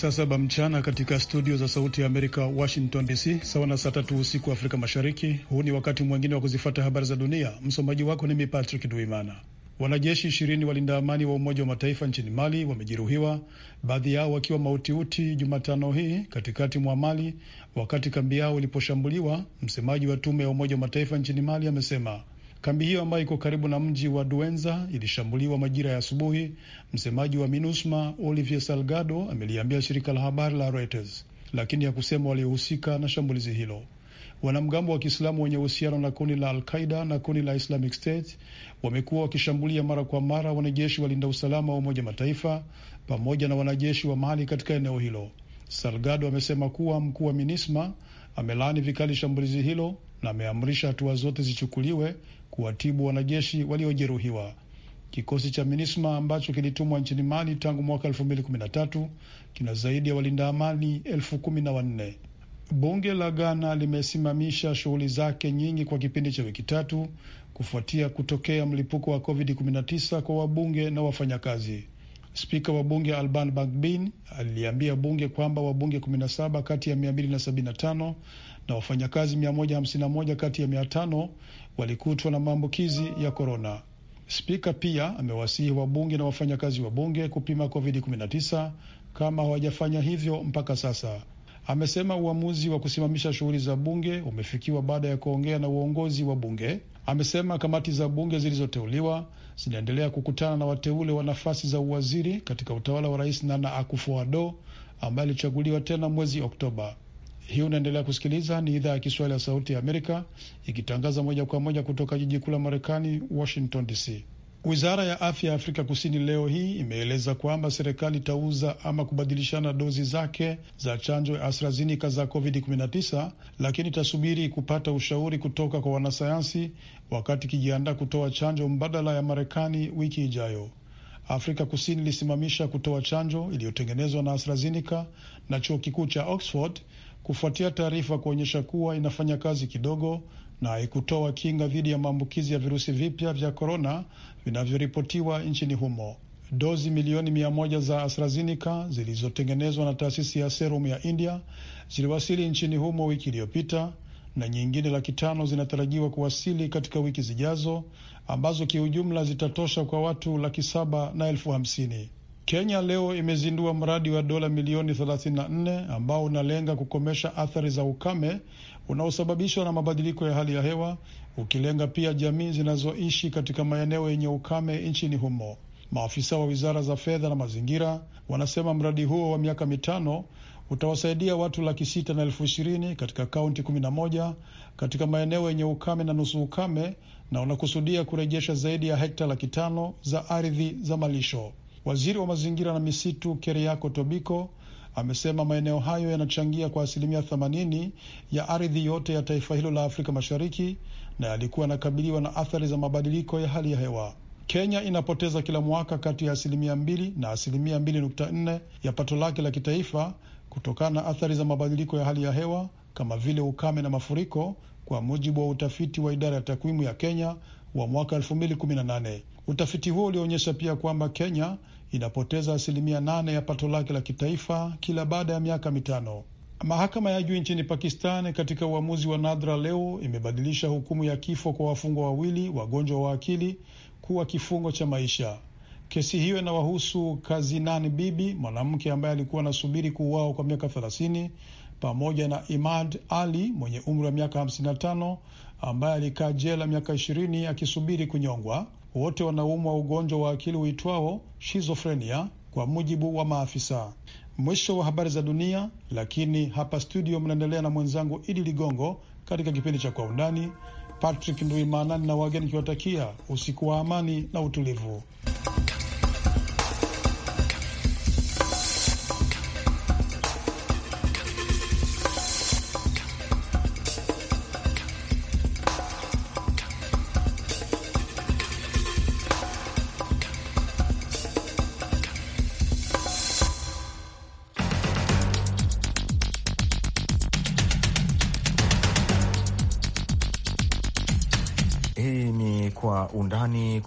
saa saba mchana katika studio za Sauti ya Amerika, Washington DC, sawa na saa tatu usiku Afrika Mashariki. Huu ni wakati mwingine wa kuzifata habari za dunia. Msomaji wako nimi Patrick Duimana. Wanajeshi ishirini walinda amani wa Umoja wa Mataifa nchini Mali wamejeruhiwa, baadhi yao wakiwa mautiuti Jumatano hii katikati mwa Mali wakati kambi yao iliposhambuliwa. Msemaji wa tume ya Umoja wa Mataifa nchini Mali amesema Kambi hiyo ambayo iko karibu na mji wa Duenza ilishambuliwa majira ya asubuhi. Msemaji wa MINUSMA Olivier Salgado ameliambia shirika la habari la Reuters, lakini hakusema waliohusika na shambulizi hilo. Wanamgambo wa Kiislamu wenye uhusiano na kundi la Alqaida na kundi la Islamic State wamekuwa wakishambulia mara kwa mara wanajeshi walinda usalama wa Umoja Mataifa pamoja na wanajeshi wa Mali katika eneo hilo. Salgado amesema kuwa mkuu wa MINISMA amelaani vikali shambulizi hilo na ameamrisha hatua zote zichukuliwe kuwatibu wanajeshi waliojeruhiwa. Kikosi cha MINISMA ambacho kilitumwa nchini Mali tangu mwaka tatu kina zaidi ya walinda amani elfu kumi na wanne. Bunge la Ghana limesimamisha shughuli zake nyingi kwa kipindi cha wiki tatu kufuatia kutokea mlipuko wa COVID-19 kwa wabunge na wafanyakazi. Spika wa bunge Alban Bagbin aliliambia bunge kwamba wabunge 17 kati ya 275 na wafanyakazi 151 kati ya 500 walikutwa na maambukizi ya korona. Spika pia amewasihi wabunge na wafanyakazi wa bunge kupima COVID-19 kama hawajafanya hivyo mpaka sasa. Amesema uamuzi wa kusimamisha shughuli za bunge umefikiwa baada ya kuongea na uongozi wa bunge. Amesema kamati za bunge zilizoteuliwa zinaendelea kukutana na wateule wa nafasi za uwaziri katika utawala wa Rais Nana Akufo-Addo ambaye alichaguliwa tena mwezi Oktoba. Hii unaendelea kusikiliza, ni idhaa ya Kiswahili ya Sauti ya Amerika ikitangaza moja kwa moja kutoka jiji kuu la Marekani, Washington DC. Wizara ya afya ya Afrika Kusini leo hii imeeleza kwamba serikali itauza ama kubadilishana dozi zake za chanjo ya AstraZeneca za COVID-19, lakini itasubiri kupata ushauri kutoka kwa wanasayansi wakati ikijiandaa kutoa chanjo mbadala ya Marekani wiki ijayo. Afrika Kusini ilisimamisha kutoa chanjo iliyotengenezwa na AstraZeneca na chuo kikuu cha Oxford kufuatia taarifa kuonyesha kuwa inafanya kazi kidogo na haikutoa kinga dhidi ya maambukizi ya virusi vipya vya korona vinavyoripotiwa nchini humo. Dozi milioni mia moja za AstraZeneca zilizotengenezwa na taasisi ya Serum ya India ziliwasili nchini humo wiki iliyopita na nyingine laki tano zinatarajiwa kuwasili katika wiki zijazo ambazo kiujumla zitatosha kwa watu laki saba na elfu hamsini. Kenya leo imezindua mradi wa dola milioni 34 ambao unalenga kukomesha athari za ukame unaosababishwa na mabadiliko ya hali ya hewa ukilenga pia jamii zinazoishi katika maeneo yenye ukame nchini humo. Maafisa wa wizara za fedha na mazingira wanasema mradi huo wa miaka mitano utawasaidia watu laki sita na elfu ishirini katika kaunti kumi na moja katika maeneo yenye ukame na nusu ukame na unakusudia kurejesha zaidi ya hekta laki tano za ardhi za malisho. Waziri wa mazingira na misitu Keriako Tobiko amesema maeneo hayo yanachangia kwa asilimia 80 ya ardhi yote ya taifa hilo la Afrika Mashariki na yalikuwa yanakabiliwa na athari za mabadiliko ya hali ya hewa. Kenya inapoteza kila mwaka kati ya asilimia mbili na asilimia 2.4 ya pato lake la kitaifa kutokana na athari za mabadiliko ya hali ya hewa kama vile ukame na mafuriko, kwa mujibu wa utafiti wa idara ya takwimu ya Kenya wa mwaka 2018. Utafiti huo ulioonyesha pia kwamba Kenya inapoteza asilimia nane ya pato lake la kitaifa kila baada ya miaka mitano. Mahakama ya juu nchini Pakistan katika uamuzi wa nadra leo imebadilisha hukumu ya kifo kwa wafungwa wawili wagonjwa wa akili kuwa kifungo cha maisha. Kesi hiyo inawahusu kazinan Bibi, mwanamke ambaye alikuwa anasubiri kuuawa kwa miaka 30 pamoja na Imad Ali mwenye umri wa miaka 55 ambaye alikaa jela miaka ishirini akisubiri kunyongwa. Wote wanaumwa ugonjwa wa akili uitwao shizofrenia, kwa mujibu wa maafisa. Mwisho wa habari za dunia, lakini hapa studio mnaendelea na mwenzangu Idi Ligongo katika kipindi cha Kwa Undani. Patrick Nduimana na wageni kiwatakia usiku wa amani na utulivu.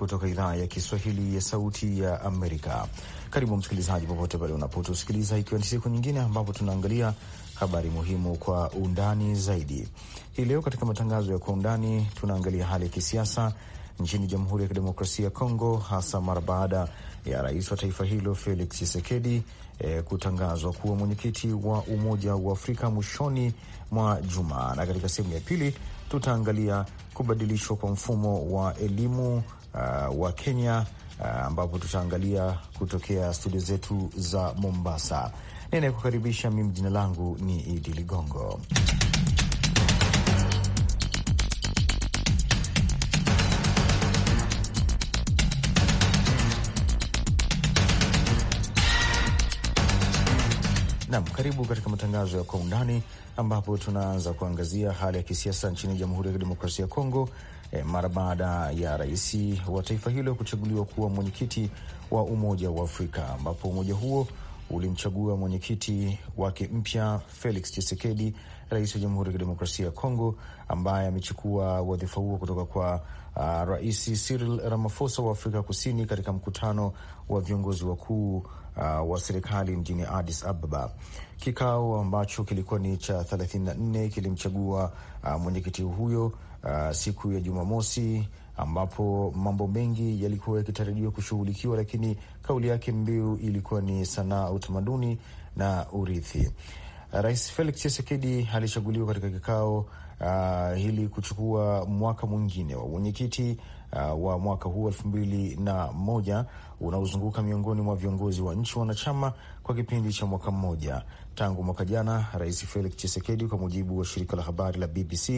kutoka idhaa ya Kiswahili ya Sauti ya Amerika. Karibu msikilizaji, popote pale unapotusikiliza, ikiwa ni siku nyingine ambapo tunaangalia habari muhimu kwa undani zaidi. Hii leo katika matangazo ya Kwa Undani tunaangalia hali ya kisiasa nchini Jamhuri ya Kidemokrasia ya Kongo, hasa mara baada ya rais wa taifa hilo Felix Tshisekedi e, kutangazwa kuwa mwenyekiti wa Umoja wa Afrika mwishoni mwa juma, na katika sehemu ya pili tutaangalia kubadilishwa kwa mfumo wa elimu uh, wa Kenya uh, ambapo tutaangalia kutokea studio zetu za Mombasa. Ninayekukaribisha mimi jina langu ni Idi Ligongo. Nam, karibu katika matangazo ya kwa undani ambapo tunaanza kuangazia hali ya kisiasa nchini Jamhuri ya Kidemokrasia ya Kongo e, mara baada ya rais wa taifa hilo kuchaguliwa kuwa mwenyekiti wa Umoja wa Afrika ambapo umoja huo ulimchagua mwenyekiti wake mpya Felix Tshisekedi, rais wa Jamhuri ya Kidemokrasia ya Kongo, ambaye amechukua wadhifa huo kutoka kwa uh, Rais Cyril Ramaphosa wa Afrika Kusini katika mkutano wa viongozi wakuu uh, wa serikali mjini Addis Ababa. Kikao ambacho kilikuwa ni cha 34 kilimchagua uh, mwenyekiti huyo uh, siku ya Jumamosi ambapo mambo mengi yalikuwa yakitarajiwa kushughulikiwa, lakini kauli yake mbiu ilikuwa ni sanaa, utamaduni na urithi. Rais Felix Chisekedi alichaguliwa katika kikao uh, hili kuchukua mwaka mwingine wa mwenyekiti uh, wa mwaka huu elfu mbili na moja unaozunguka miongoni mwa viongozi wa nchi wanachama kwa kipindi cha mwaka mmoja. Tangu mwaka jana, Rais Felix chisekedi kwa mujibu wa shirika la habari la BBC,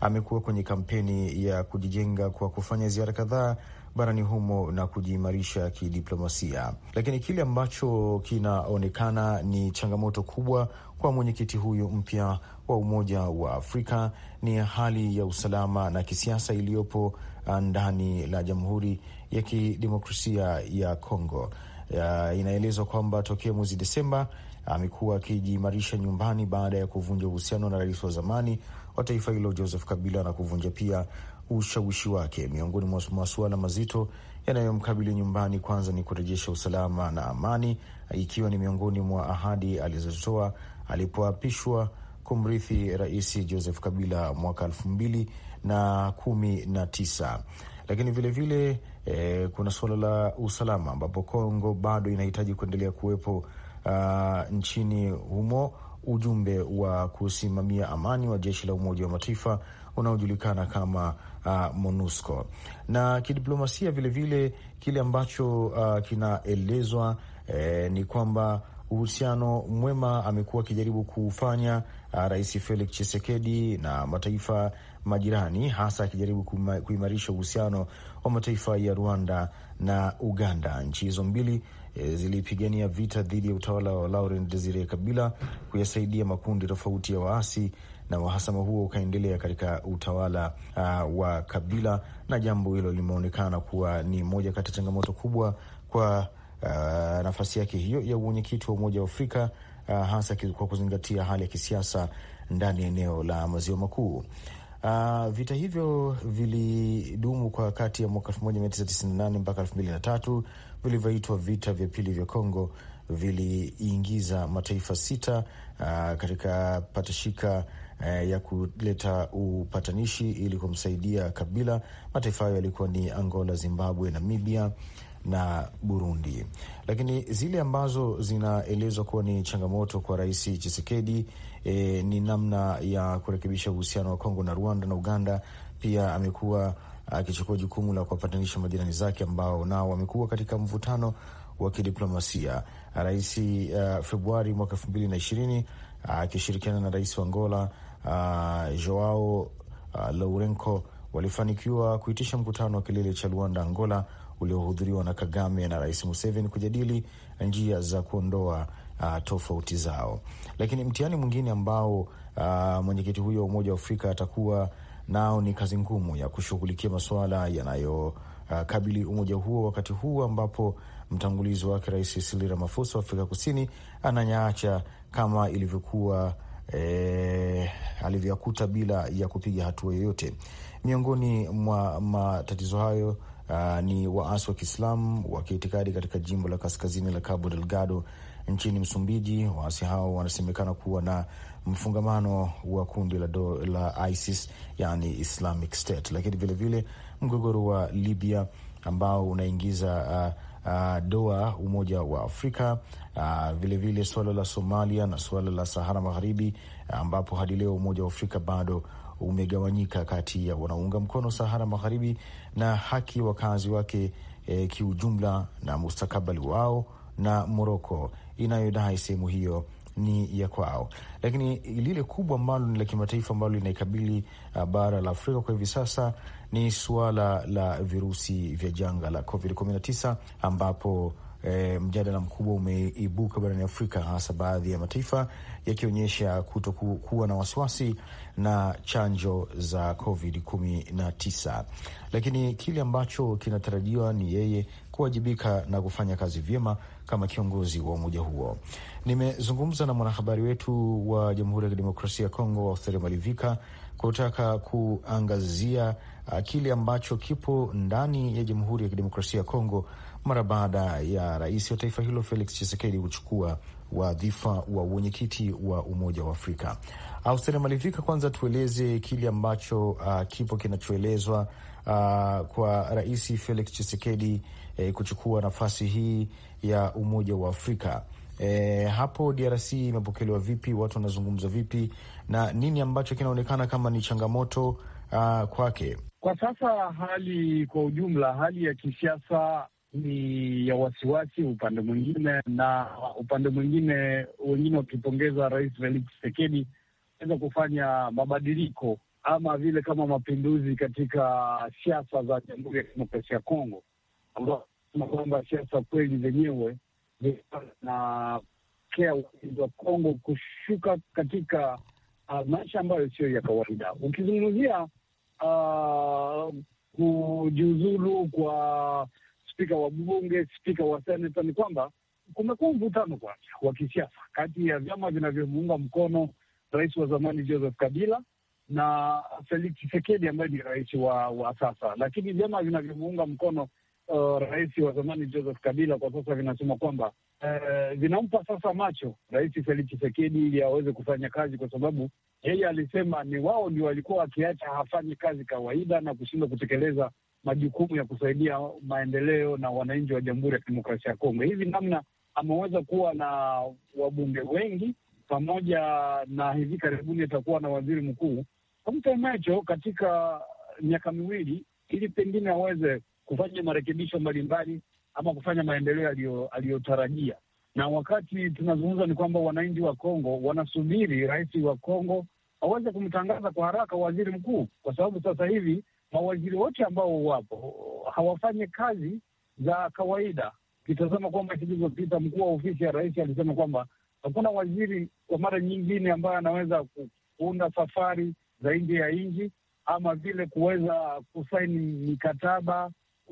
amekuwa kwenye kampeni ya kujijenga kwa kufanya ziara kadhaa barani humo na kujiimarisha kidiplomasia, lakini kile ambacho kinaonekana ni changamoto kubwa kwa mwenyekiti huyu mpya wa Umoja wa Afrika ni hali ya usalama na kisiasa iliyopo Uh, ndani la Jamhuri ya Kidemokrasia ya Kongo. Uh, inaelezwa kwamba tokea mwezi Desemba amekuwa akijiimarisha nyumbani baada ya kuvunja uhusiano na rais wa zamani wa taifa hilo Joseph Kabila na kuvunja pia ushawishi wake. Miongoni mwa masuala mazito yanayomkabili nyumbani, kwanza ni kurejesha usalama na amani, ikiwa ni miongoni mwa ahadi alizotoa alipoapishwa kumrithi Rais Joseph Kabila mwaka elfu mbili na kumi na tisa lakini vilevile vile, e, kuna suala la usalama ambapo Kongo bado inahitaji kuendelea kuwepo uh, nchini humo ujumbe wa kusimamia amani wa jeshi la Umoja wa Mataifa unaojulikana kama uh, MONUSCO na kidiplomasia vilevile, kile ambacho uh, kinaelezwa eh, ni kwamba uhusiano mwema amekuwa akijaribu kuufanya ah, Rais Felix chisekedi na mataifa majirani, hasa akijaribu kuimarisha uhusiano wa mataifa ya Rwanda na Uganda. Nchi hizo mbili e, zilipigania vita dhidi ya utawala wa Laurent Desire Kabila, kuyasaidia makundi tofauti ya waasi na uhasama huo ukaendelea katika utawala uh, wa Kabila, na jambo hilo limeonekana kuwa ni moja kati ya changamoto kubwa kwa uh, nafasi yake hiyo ya uwenyekiti wa Umoja wa Afrika uh, hasa kwa kuzingatia hali ya kisiasa ndani ya eneo la maziwa makuu. Uh, vita hivyo vilidumu kwa kati ya mwaka 1998 mpaka 2003 vilivyoitwa vita vya pili vya Kongo, viliingiza mataifa sita uh, katika patashika uh, ya kuleta upatanishi ili kumsaidia Kabila. Mataifa hayo yalikuwa ni Angola, Zimbabwe, Namibia, na Burundi, lakini zile ambazo zinaelezwa kuwa ni changamoto kwa Rais Chisekedi e, ni namna ya kurekebisha uhusiano wa Kongo na Rwanda na Uganda. Pia amekuwa akichukua jukumu la kuwapatanisha majirani zake ambao nao wamekuwa katika mvutano wa kidiplomasia. Rais uh, Februari mwaka elfu mbili na ishirini akishirikiana uh, na rais wa Angola uh, Joao uh, Lourenco walifanikiwa kuitisha mkutano wa kilele cha Luanda, Angola uliohudhuriwa na Kagame na Rais Museveni kujadili njia za kuondoa uh, tofauti zao. Lakini mtihani mwingine ambao uh, mwenyekiti huyo wa Umoja wa Afrika atakuwa nao ni kazi ngumu ya kushughulikia masuala yanayokabili ah, uh, umoja huo wakati huu ambapo mtangulizi wake Rais Cyril Ramaphosa wa Afrika Kusini ananyaacha kama ilivyokuwa E, eh, alivyakuta bila ya kupiga hatua yoyote. Miongoni mwa matatizo hayo uh, ni waasi wa Kiislamu wa kiitikadi katika jimbo la kaskazini la Cabo Delgado nchini Msumbiji. Waasi hao wanasemekana kuwa na mfungamano wa kundi la, do, la ISIS yani Islamic State, lakini vilevile mgogoro wa Libya ambao unaingiza uh, Uh, doa Umoja wa Afrika vilevile, uh, vile suala la Somalia na suala la Sahara Magharibi ambapo hadi leo Umoja wa Afrika bado umegawanyika kati ya wanaunga mkono Sahara Magharibi na haki wakazi wake e, kiujumla na mustakabali wao na Moroko inayodai sehemu hiyo ni ya kwao, lakini lile kubwa ambalo ni la kimataifa ambalo linaikabili uh, bara la Afrika kwa hivi sasa ni suala la virusi vya janga la COVID-19 ambapo e, mjadala mkubwa umeibuka barani Afrika, hasa baadhi ya mataifa yakionyesha kutokuwa na wasiwasi na chanjo za Covid 19, lakini kile ambacho kinatarajiwa ni yeye kuwajibika na kufanya kazi vyema kama kiongozi wa umoja huo. Nimezungumza na mwanahabari wetu wa Jamhuri ya Kidemokrasia ya Kongo, Auster Malivika, kutaka kuangazia ah, kile ambacho kipo ndani ya Jamhuri ya Kidemokrasia ya Kongo mara baada ya rais wa taifa hilo Felix Chisekedi kuchukua wadhifa wa uwenyekiti wa Umoja wa Afrika. Austeri Malivika, kwanza tueleze kile ambacho uh, kipo kinachoelezwa uh, kwa rais Felix chisekedi eh, kuchukua nafasi hii ya Umoja wa Afrika. E, hapo DRC imepokelewa vipi? Watu wanazungumza vipi na nini ambacho kinaonekana kama ni changamoto uh, kwake kwa sasa? Hali kwa ujumla, hali ya kisiasa ni ya wasiwasi upande mwingine, na upande mwingine wengine wakipongeza Rais Felix Tshisekedi aweza kufanya mabadiliko ama vile kama mapinduzi katika siasa za Jamhuri ya Kidemokrasia ya Kongo, ambao sema kwamba siasa kweli zenyewe zinakea ulinzi wa Kongo kushuka katika uh, maisha ambayo sio ya kawaida. Ukizungumzia uh, kujiuzulu kwa spika wa bunge, spika wa seneta, ni kwamba kumekuwa mvutano kwanza wa kisiasa kati ya vyama vinavyomuunga mkono rais wa zamani Joseph Kabila na Felix chisekedi ambaye ni rais wa, wa sasa, lakini vyama vinavyomuunga mkono uh, rais wa zamani Joseph Kabila kwa sasa vinasema kwamba uh, vinampa sasa macho rais Felix chisekedi ili aweze kufanya kazi, kwa sababu yeye alisema ni wao ndio walikuwa wakiacha hafanye kazi kawaida na kushindwa kutekeleza majukumu ya kusaidia maendeleo na wananchi wa Jamhuri ya Kidemokrasia ya Kongo. Hivi namna ameweza kuwa na wabunge wengi pamoja na hivi karibuni atakuwa na waziri mkuu amtemecho katika miaka miwili, ili pengine aweze kufanya marekebisho mbalimbali ama kufanya maendeleo aliyotarajia. Na wakati tunazungumza ni kwamba wananchi wa Kongo wanasubiri rais wa Kongo aweze kumtangaza kwa haraka waziri mkuu, kwa sababu sasa hivi mawaziri wote ambao wapo hawafanye kazi za kawaida. Ukitazama kwamba zilizopita, mkuu wa ofisi ya rais alisema kwamba hakuna waziri kwa mara nyingine ambaye anaweza kuunda safari za nje ya nchi ama vile kuweza kusaini mikataba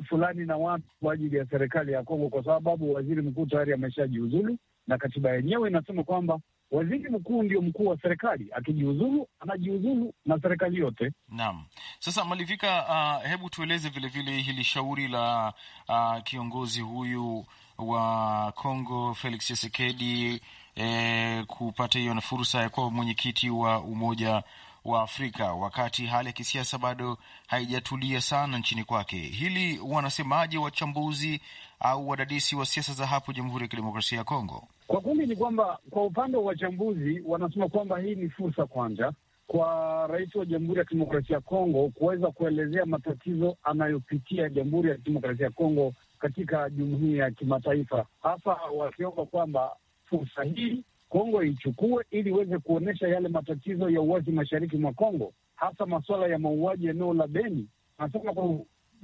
fulani na watu kwa ajili ya serikali ya Kongo, kwa sababu waziri mkuu tayari ameshajiuzulu na katiba yenyewe inasema kwamba Waziri mkuu ndio mkuu wa serikali, akijiuzulu anajiuzulu na serikali yote. Naam. Sasa Malivika, uh, hebu tueleze vilevile hili shauri la uh, kiongozi huyu wa Kongo Felix Tshisekedi eh, kupata hiyo na fursa ya kuwa mwenyekiti wa Umoja wa Afrika, wakati hali ya kisiasa bado haijatulia sana nchini kwake. Hili wanasemaje wachambuzi au wadadisi wa siasa za hapo Jamhuri ya Kidemokrasia ya Kongo? Kwa kweli ni kwamba kwa upande wa wachambuzi wanasema kwamba hii ni fursa kwanza kwa rais wa Jamhuri ya Kidemokrasia ya Kongo kuweza kuelezea matatizo anayopitia Jamhuri ya Kidemokrasia ya Kongo katika jumuiya ya kimataifa, hasa wakiomba kwamba fursa hii Kongo ichukue ili iweze kuonyesha yale matatizo ya uwazi mashariki mwa Kongo, hasa masuala ya mauaji eneo la Beni. Nasema kwa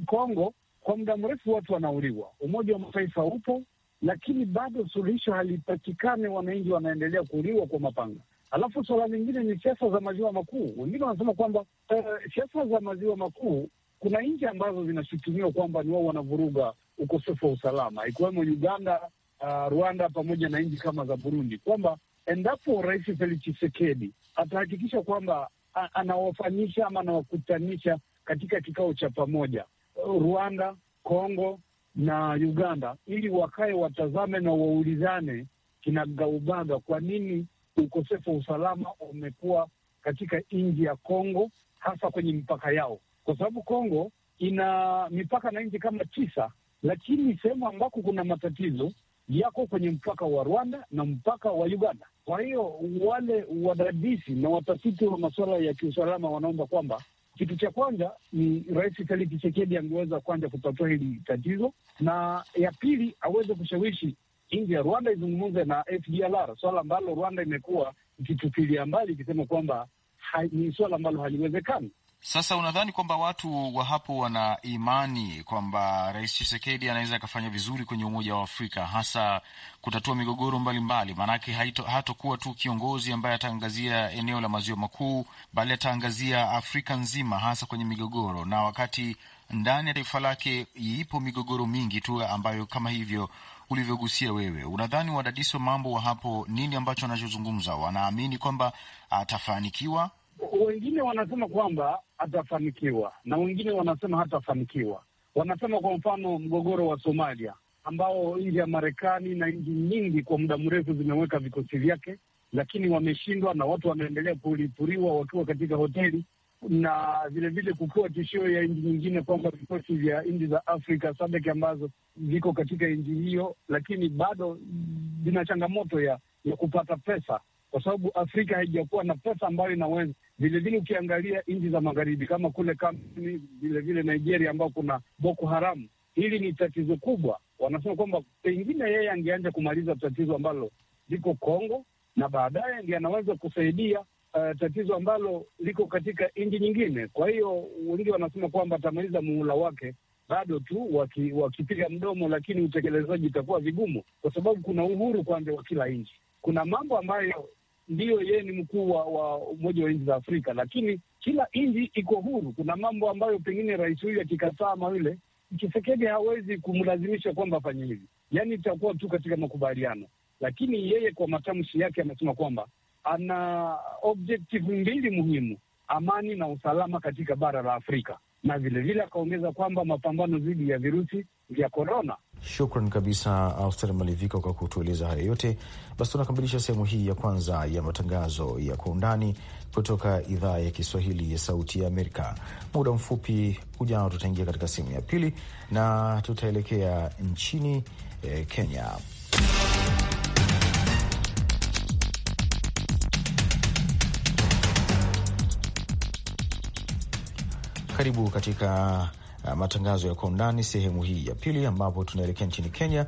Kongo kwa muda mrefu watu wanauliwa, Umoja wa Mataifa upo lakini bado suluhisho halipatikane, wananchi wanaendelea kuuliwa kwa mapanga. Alafu suala lingine ni siasa za maziwa makuu. Wengine wanasema kwamba uh, siasa za maziwa makuu, kuna nchi ambazo zinashutumiwa kwamba ni wao wanavuruga ukosefu wa usalama, ikiwemo Uganda uh, Rwanda pamoja na nchi kama za Burundi, kwamba endapo Rais Felix chisekedi atahakikisha kwamba anawafanyisha ama anawakutanisha katika kikao cha pamoja uh, Rwanda, Kongo na Uganda, ili wakae watazame na waulizane kinagaubaga, kwa nini ukosefu wa usalama umekuwa katika nchi ya Kongo, hasa kwenye mipaka yao, kwa sababu Kongo ina mipaka na nchi kama tisa, lakini sehemu ambako kuna matatizo yako kwenye mpaka wa Rwanda na mpaka wa Uganda. Kwa hiyo wale wadadisi na watafiti wa masuala ya kiusalama wanaomba kwamba kitu cha kwanza ni Rais Felix Tshisekedi angeweza kwanza kutatua hili tatizo, na ya pili aweze kushawishi nchi ya Rwanda izungumze na FDLR, swala ambalo Rwanda imekuwa ikitupilia mbali ikisema kwamba ni swala ambalo haliwezekani. Sasa unadhani kwamba watu wa hapo wana imani kwamba Rais chisekedi anaweza akafanya vizuri kwenye Umoja wa Afrika, hasa kutatua migogoro mbalimbali? Maanake hatokuwa tu kiongozi ambaye ataangazia eneo la maziwa makuu, bali ataangazia Afrika nzima, hasa kwenye migogoro, na wakati ndani ya taifa lake ipo migogoro mingi tu ambayo kama hivyo ulivyogusia wewe. Unadhani wadadisi wa mambo wa hapo, nini ambacho anachozungumza, wanaamini kwamba atafanikiwa wengine wanasema kwamba atafanikiwa na wengine wanasema hatafanikiwa. Wanasema kwa mfano mgogoro wa Somalia ambao nchi ya Marekani na nchi nyingi kwa muda mrefu zimeweka vikosi vyake, lakini wameshindwa na watu wanaendelea kulipuriwa wakiwa katika hoteli, na vilevile kukiwa tishio ya nchi nyingine kwamba vikosi vya nchi za Afrika SADC ambazo viko katika nchi hiyo, lakini bado vina changamoto ya ya kupata pesa, kwa sababu Afrika haijakuwa na pesa ambayo inaweza Vilevile ukiangalia nchi za magharibi kama kule Kamerun, vilevile Nigeria ambao kuna Boko Haramu, hili ni tatizo kubwa. Wanasema kwamba pengine yeye angeanja kumaliza tatizo ambalo liko Kongo na baadaye ndi anaweza kusaidia uh, tatizo ambalo liko katika nchi nyingine. Kwa hiyo wengi wanasema kwamba atamaliza muhula wake bado tu waki, wakipiga mdomo, lakini utekelezaji utakuwa vigumu, kwa sababu kuna uhuru kwanza wa kila nchi. Kuna mambo ambayo ndiyo yeye ni mkuu wa Umoja wa nchi za Afrika, lakini kila nchi iko huru. Kuna mambo ambayo pengine rais huyu akikataa ama yule Kisekedi hawezi kumlazimisha kwamba afanye hivi, yaani itakuwa tu katika makubaliano. Lakini yeye kwa matamshi yake amesema kwamba ana objective mbili muhimu, amani na usalama katika bara la Afrika, na vilevile akaongeza kwamba mapambano dhidi ya virusi vya korona. Shukran kabisa Auster Malivika kwa kutueleza hayo yote. Basi tunakamilisha sehemu hii ya kwanza ya matangazo ya kwa undani kutoka idhaa ya Kiswahili ya Sauti ya Amerika. Muda mfupi ujao, tutaingia katika sehemu ya pili na tutaelekea nchini eh, Kenya. Karibu katika uh, matangazo ya kwa undani sehemu hii ya pili, ambapo tunaelekea nchini Kenya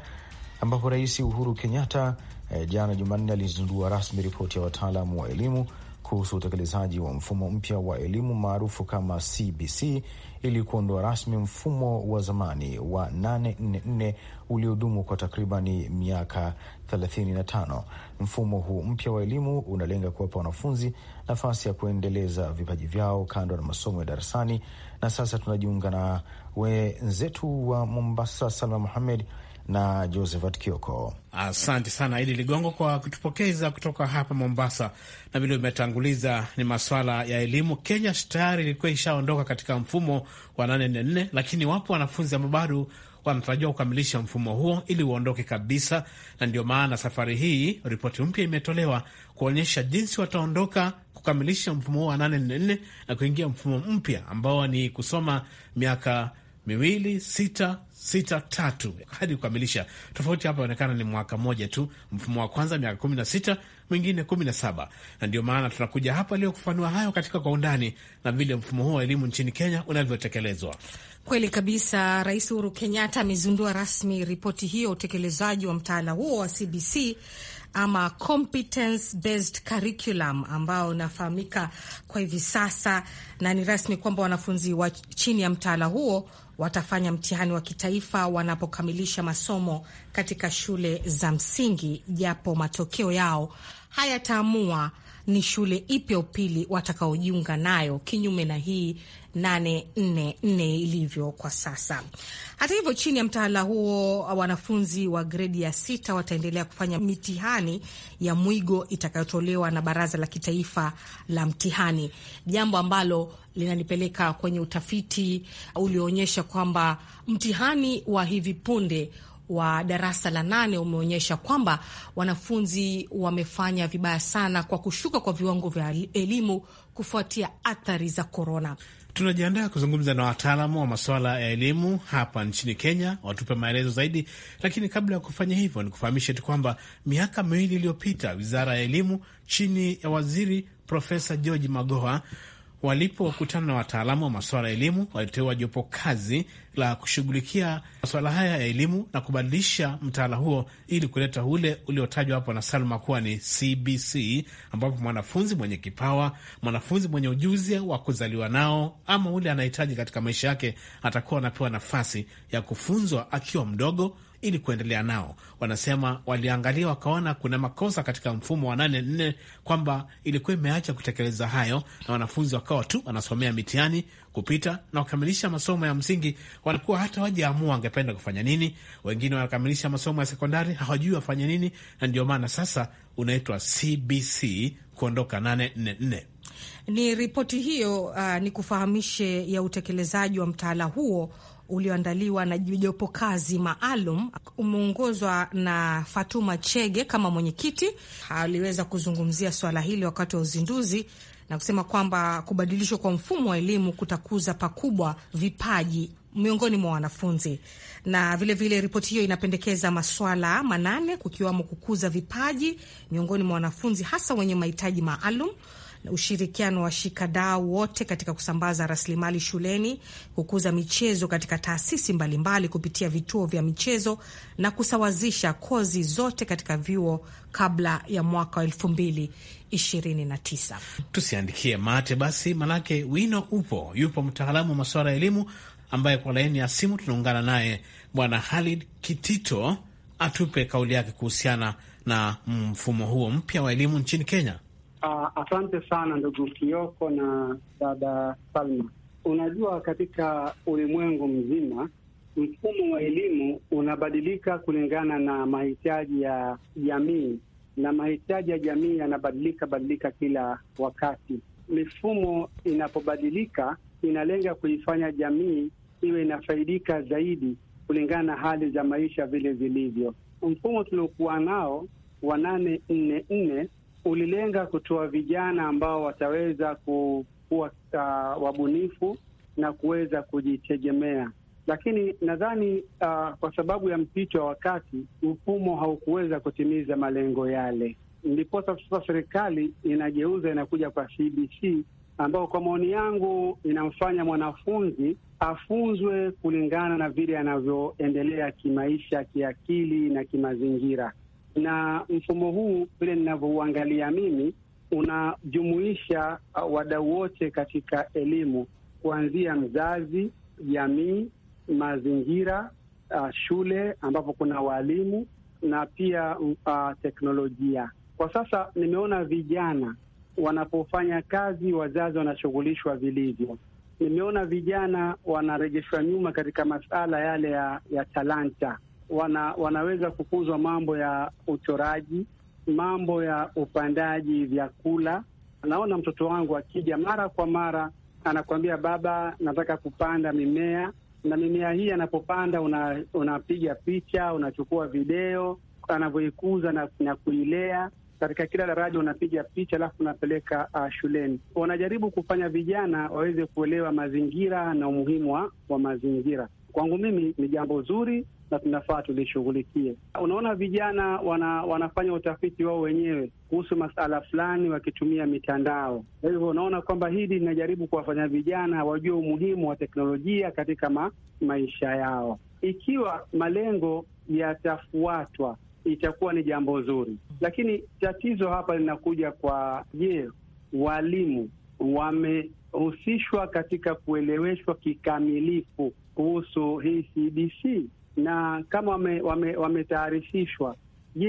ambapo Rais Uhuru Kenyatta eh, jana Jumanne alizindua rasmi ripoti ya wataalamu wa elimu kuhusu utekelezaji wa mfumo mpya wa elimu maarufu kama CBC ili kuondoa rasmi mfumo wa zamani wa 844 uliodumu kwa takribani miaka 35. Mfumo huu mpya wa elimu unalenga kuwapa wanafunzi nafasi ya kuendeleza vipaji vyao kando na masomo ya darasani. Na sasa tunajiunga na wenzetu wa Mombasa, Salma Muhamed na Josephat Kioko. Asante sana Idi Ligongo kwa kutupokeza kutoka hapa Mombasa. Na vile umetanguliza, ni maswala ya elimu. Kenya tayari ilikuwa ishaondoka katika mfumo wa 844 lakini wapo wanafunzi ambao bado wanatarajiwa kukamilisha mfumo huo ili uondoke kabisa, na ndio maana safari hii ripoti mpya imetolewa kuonyesha jinsi wataondoka kukamilisha mfumo huo wa 844 na kuingia mfumo mpya ambao ni kusoma miaka miwili sita sita tatu hadi kukamilisha. Tofauti hapa inaonekana ni mwaka mmoja tu, mfumo wa kwanza miaka kumi na sita mwingine kumi na saba na ndio maana tunakuja hapa leo kufanua hayo katika kwa undani na vile mfumo huo wa elimu nchini Kenya unavyotekelezwa. Kweli kabisa, Rais Uhuru Kenyatta amezindua rasmi ripoti hiyo utekelezaji wa mtaala huo wa CBC ama competence based curriculum ambao unafahamika kwa hivi sasa, na ni rasmi kwamba wanafunzi wa chini ya mtaala huo watafanya mtihani wa kitaifa wanapokamilisha masomo katika shule za msingi, japo matokeo yao hayataamua ni shule ipi ya upili watakaojiunga nayo, kinyume na hii 844 ilivyo kwa sasa. Hata hivyo, chini ya mtaala huo, wanafunzi wa gredi ya sita wataendelea kufanya mitihani ya mwigo itakayotolewa na Baraza la Kitaifa la Mtihani, jambo ambalo linanipeleka kwenye utafiti ulioonyesha kwamba mtihani wa hivi punde wa darasa la nane umeonyesha kwamba wanafunzi wamefanya vibaya sana kwa kushuka kwa viwango vya elimu kufuatia athari za korona. Tunajiandaa kuzungumza na wataalamu wa masuala ya elimu hapa nchini Kenya, watupe maelezo zaidi. Lakini kabla ya kufanya hivyo, ni kufahamishe tu kwamba miaka miwili iliyopita, wizara ya elimu chini ya waziri Profesa George Magoha Walipokutana na wataalamu wa masuala ya elimu, waliteua jopo kazi la kushughulikia masuala haya ya elimu na kubadilisha mtaala huo ili kuleta ule uliotajwa hapo na Salma kuwa ni CBC, ambapo mwanafunzi mwenye kipawa, mwanafunzi mwenye ujuzi wa kuzaliwa nao ama ule anahitaji katika maisha yake, atakuwa anapewa nafasi ya kufunzwa akiwa mdogo ili kuendelea nao. Wanasema waliangalia wakaona kuna makosa katika mfumo wa nane nne kwamba ilikuwa imeacha kutekeleza hayo, na wanafunzi wakawa tu wanasomea mitihani kupita na wakamilisha masomo ya msingi. Walikuwa hata wajaamua wangependa kufanya nini. Wengine wanakamilisha masomo ya sekondari hawajui wafanye nini, na ndio maana sasa unaitwa CBC kuondoka nane nne nne. Ni ripoti hiyo, uh, ni kufahamishe ya utekelezaji wa mtaala huo ulioandaliwa na jopo kazi maalum umeongozwa na Fatuma Chege kama mwenyekiti. Aliweza kuzungumzia swala hili wakati wa uzinduzi na kusema kwamba kubadilishwa kwa mfumo wa elimu kutakuza pakubwa vipaji miongoni mwa wanafunzi na vilevile, ripoti hiyo inapendekeza maswala manane kukiwamo kukuza vipaji miongoni mwa wanafunzi hasa wenye mahitaji maalum ushirikiano wa shikadau wote katika kusambaza rasilimali shuleni, kukuza michezo katika taasisi mbalimbali kupitia vituo vya michezo na kusawazisha kozi zote katika vyuo kabla ya mwaka wa elfu mbili Tusiandikie mate basi, manake wino upo. Yupo mtaalamu wa masuala ya elimu ambaye kwa laini ya simu tunaungana naye Bwana Halid Kitito atupe kauli yake kuhusiana na mfumo huo mpya wa elimu nchini Kenya. Uh, asante sana ndugu Kioko na dada Salma. Unajua, katika ulimwengu mzima mfumo wa elimu unabadilika kulingana na mahitaji ya jamii, na mahitaji ya jamii yanabadilika badilika kila wakati. Mifumo inapobadilika inalenga kuifanya jamii iwe inafaidika zaidi kulingana na hali za maisha vile zilivyo. Mfumo tuliokuwa nao wa nane nne nne ulilenga kutoa vijana ambao wataweza kuwa uh, wabunifu na kuweza kujitegemea, lakini nadhani uh, kwa sababu ya mpito wa wakati mfumo haukuweza kutimiza malengo yale, ndiposa sasa serikali inageuza inakuja kwa CBC ambao kwa maoni yangu inamfanya mwanafunzi afunzwe kulingana na vile anavyoendelea kimaisha, kiakili na kimazingira na mfumo huu vile ninavyouangalia mimi unajumuisha uh, wadau wote katika elimu kuanzia mzazi, jamii, mazingira, uh, shule ambapo kuna walimu na pia uh, teknolojia. Kwa sasa nimeona vijana wanapofanya kazi, wazazi wanashughulishwa vilivyo. Nimeona vijana wanarejeshwa nyuma katika masala yale ya, ya talanta wana, wanaweza kukuzwa mambo ya uchoraji, mambo ya upandaji vyakula. Naona mtoto wangu akija mara kwa mara anakuambia baba, nataka kupanda mimea, na mimea hii anapopanda unapiga una picha, unachukua video anavyoikuza na, na kuilea katika kila daraja unapiga picha alafu unapeleka uh, shuleni. Wanajaribu kufanya vijana waweze kuelewa mazingira na umuhimu wa mazingira. Kwangu mimi ni jambo zuri, na tunafaa tulishughulikie. Unaona, vijana wana, wanafanya utafiti wao wenyewe kuhusu masala fulani wakitumia mitandao. Kwa hivyo unaona kwamba hili linajaribu kuwafanya vijana wajue umuhimu wa teknolojia katika ma, maisha yao. Ikiwa malengo yatafuatwa itakuwa ni jambo zuri, lakini tatizo hapa linakuja kwa, je, walimu wamehusishwa katika kueleweshwa kikamilifu kuhusu hii CBC? na kama wametaarifishwa, wame,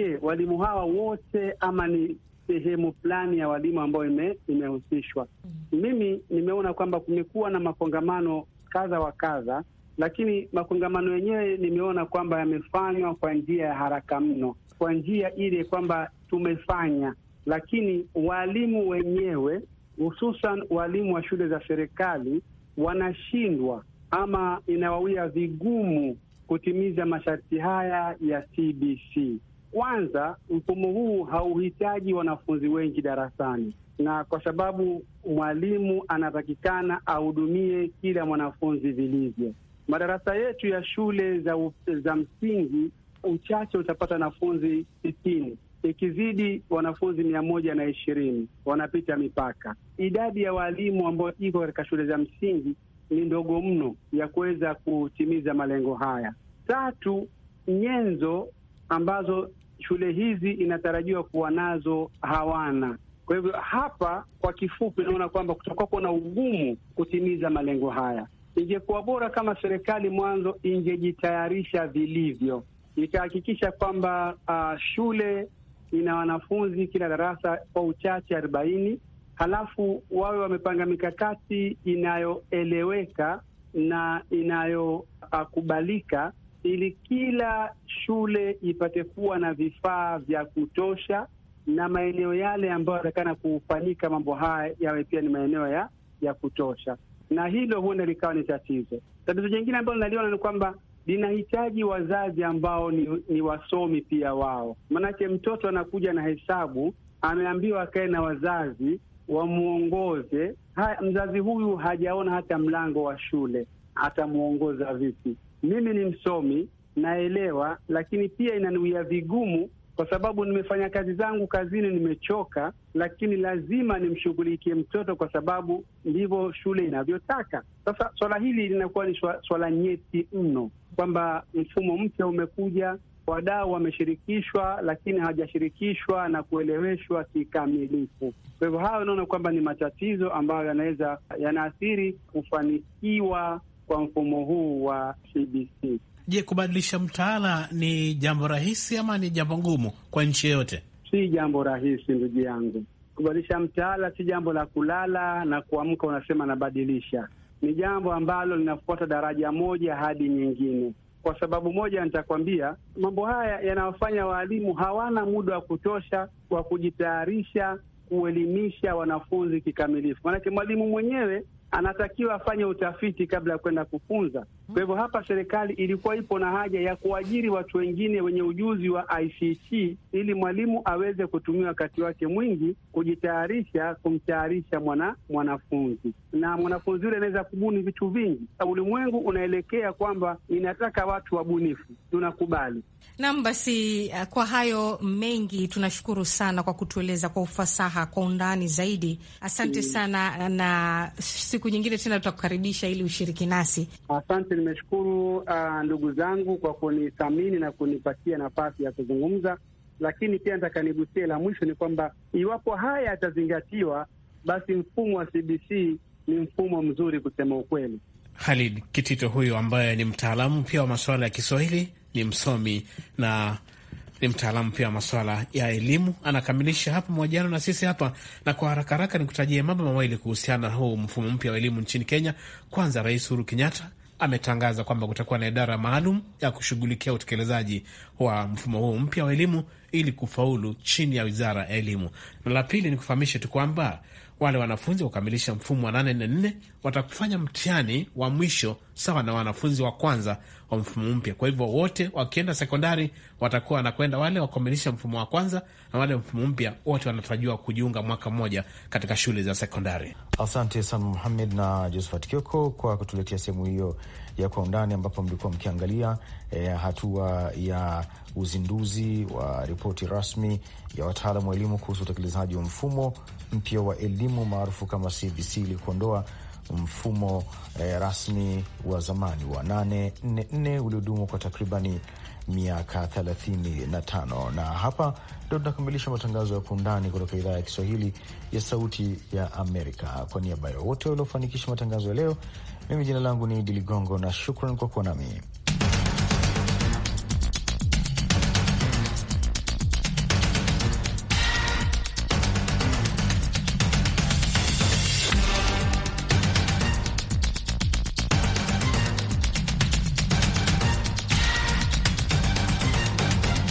wame je, walimu hawa wote ama ni sehemu fulani ya walimu ambayo imehusishwa? ime mm. mimi nimeona kwamba kumekuwa na makongamano kadha wa kadha, lakini makongamano yenyewe nimeona kwamba yamefanywa kwa njia ya haraka mno, kwa njia ile kwamba tumefanya, lakini walimu wenyewe hususan walimu wa shule za serikali wanashindwa ama inawawia vigumu kutimiza masharti haya ya CBC. Kwanza, mfumo huu hauhitaji wanafunzi wengi darasani, na kwa sababu mwalimu anatakikana ahudumie kila mwanafunzi vilivyo. Madarasa yetu ya shule za, za msingi uchache utapata wanafunzi sitini ikizidi wanafunzi mia moja na ishirini wanapita mipaka. Idadi ya walimu ambayo iko katika shule za msingi ni ndogo mno ya kuweza kutimiza malengo haya. Tatu, nyenzo ambazo shule hizi inatarajiwa kuwa nazo hawana. Kwa hivyo hapa, kwa kifupi, naona kwamba kutakuwako na ugumu kutimiza malengo haya. Ingekuwa bora kama serikali mwanzo ingejitayarisha vilivyo, ikahakikisha kwamba uh, shule ina wanafunzi kila darasa kwa uchache arobaini halafu wawe wamepanga mikakati inayoeleweka na inayokubalika ili kila shule ipate kuwa na vifaa vya kutosha, na maeneo yale ambayo yatakana kufanyika mambo haya yawe pia ni maeneo ya ya kutosha, na hilo huenda likawa ni tatizo. Tatizo jingine ambalo linaliona ni kwamba linahitaji wazazi ambao ni, ni wasomi pia wao, maanake mtoto anakuja na hesabu, ameambiwa akae na wazazi wamwongoze. Mzazi huyu hajaona hata mlango wa shule, atamwongoza vipi? Mimi ni msomi, naelewa, lakini pia inaniwia vigumu kwa sababu nimefanya kazi zangu kazini, nimechoka, lakini lazima nimshughulikie mtoto kwa sababu ndivyo shule inavyotaka. Sasa swala hili linakuwa ni swala nyeti mno, kwamba mfumo mpya umekuja, wadau wameshirikishwa, lakini hawajashirikishwa na kueleweshwa kikamilifu. Kwa hivyo hayo unaona kwamba ni matatizo ambayo yanaweza yanaathiri kufanikiwa kwa mfumo huu wa CBC. Je, kubadilisha mtaala ni jambo rahisi ama ni jambo ngumu kwa nchi yeyote Si jambo rahisi, ndugu yangu. Kubadilisha mtaala si jambo la kulala na kuamka unasema nabadilisha. Ni jambo ambalo linafuata daraja moja hadi nyingine. Kwa sababu moja, nitakwambia mambo haya yanawafanya waalimu hawana muda wa kutosha wa kujitayarisha kuelimisha wanafunzi kikamilifu, maanake mwalimu mwenyewe anatakiwa afanye utafiti kabla ya kwenda kufunza. Kwa hivyo hapa serikali ilikuwa ipo na haja ya kuajiri watu wengine wenye ujuzi wa ICT ili mwalimu aweze kutumia wakati wake mwingi kujitayarisha, kumtayarisha mwana mwanafunzi, na mwanafunzi yule anaweza kubuni vitu vingi. Ulimwengu unaelekea kwamba inataka watu wabunifu, tunakubali. Naam, basi eh, kwa hayo mengi, tunashukuru sana kwa kutueleza kwa ufasaha, kwa undani zaidi. Asante mm, sana eh, na siku nyingine tena tutakukaribisha ili ushiriki nasi. Asante nimeshukuru uh, ndugu zangu kwa kunithamini na kunipatia nafasi ya kuzungumza, lakini pia nataka nigusie la mwisho ni kwamba iwapo haya yatazingatiwa, basi mfumo wa CBC ni mfumo mzuri kusema ukweli. Halid Kitito huyo ambaye ni mtaalamu pia wa masuala ya Kiswahili, ni msomi na ni mtaalamu pia wa masuala ya elimu, anakamilisha hapo mahojiano na sisi hapa. Na kwa haraka haraka nikutajie mambo mawili kuhusiana na huu mfumo mpya wa elimu nchini Kenya. Kwanza, Rais Uhuru Kenyatta ametangaza kwamba kutakuwa na idara maalum ya kushughulikia utekelezaji wa mfumo huu mpya wa elimu ili kufaulu chini ya wizara ya elimu. Na la pili ni kufahamishe tu kwamba wale wanafunzi wakamilisha mfumo wa nane watakufanya mtihani wa mwisho sawa na wanafunzi wa kwanza wa mfumo mpya. Kwa hivyo wote wakienda sekondari watakuwa wanakwenda wale wakamilisha mfumo wa kwanza na wale mfumo mpya, wote wanatarajiwa kujiunga mwaka mmoja katika shule za sekondari. Asante sana Muhamed na Josephat Kioko kwa kutuletea sehemu hiyo ya Kwa Undani, ambapo mlikuwa mkiangalia eh, hatua ya uzinduzi wa ripoti rasmi ya wataalam wa elimu kuhusu utekelezaji wa mfumo mpya wa elimu maarufu kama CBC ili kuondoa mfumo eh, rasmi wa zamani wa 844 uliodumu kwa takribani miaka 35. Na hapa ndo tunakamilisha matangazo ya kuundani kutoka idhaa ya Kiswahili ya Sauti ya Amerika. Kwa niaba ya wote waliofanikisha matangazo ya leo, mimi jina langu ni Idi Ligongo na shukran kwa kuwa nami.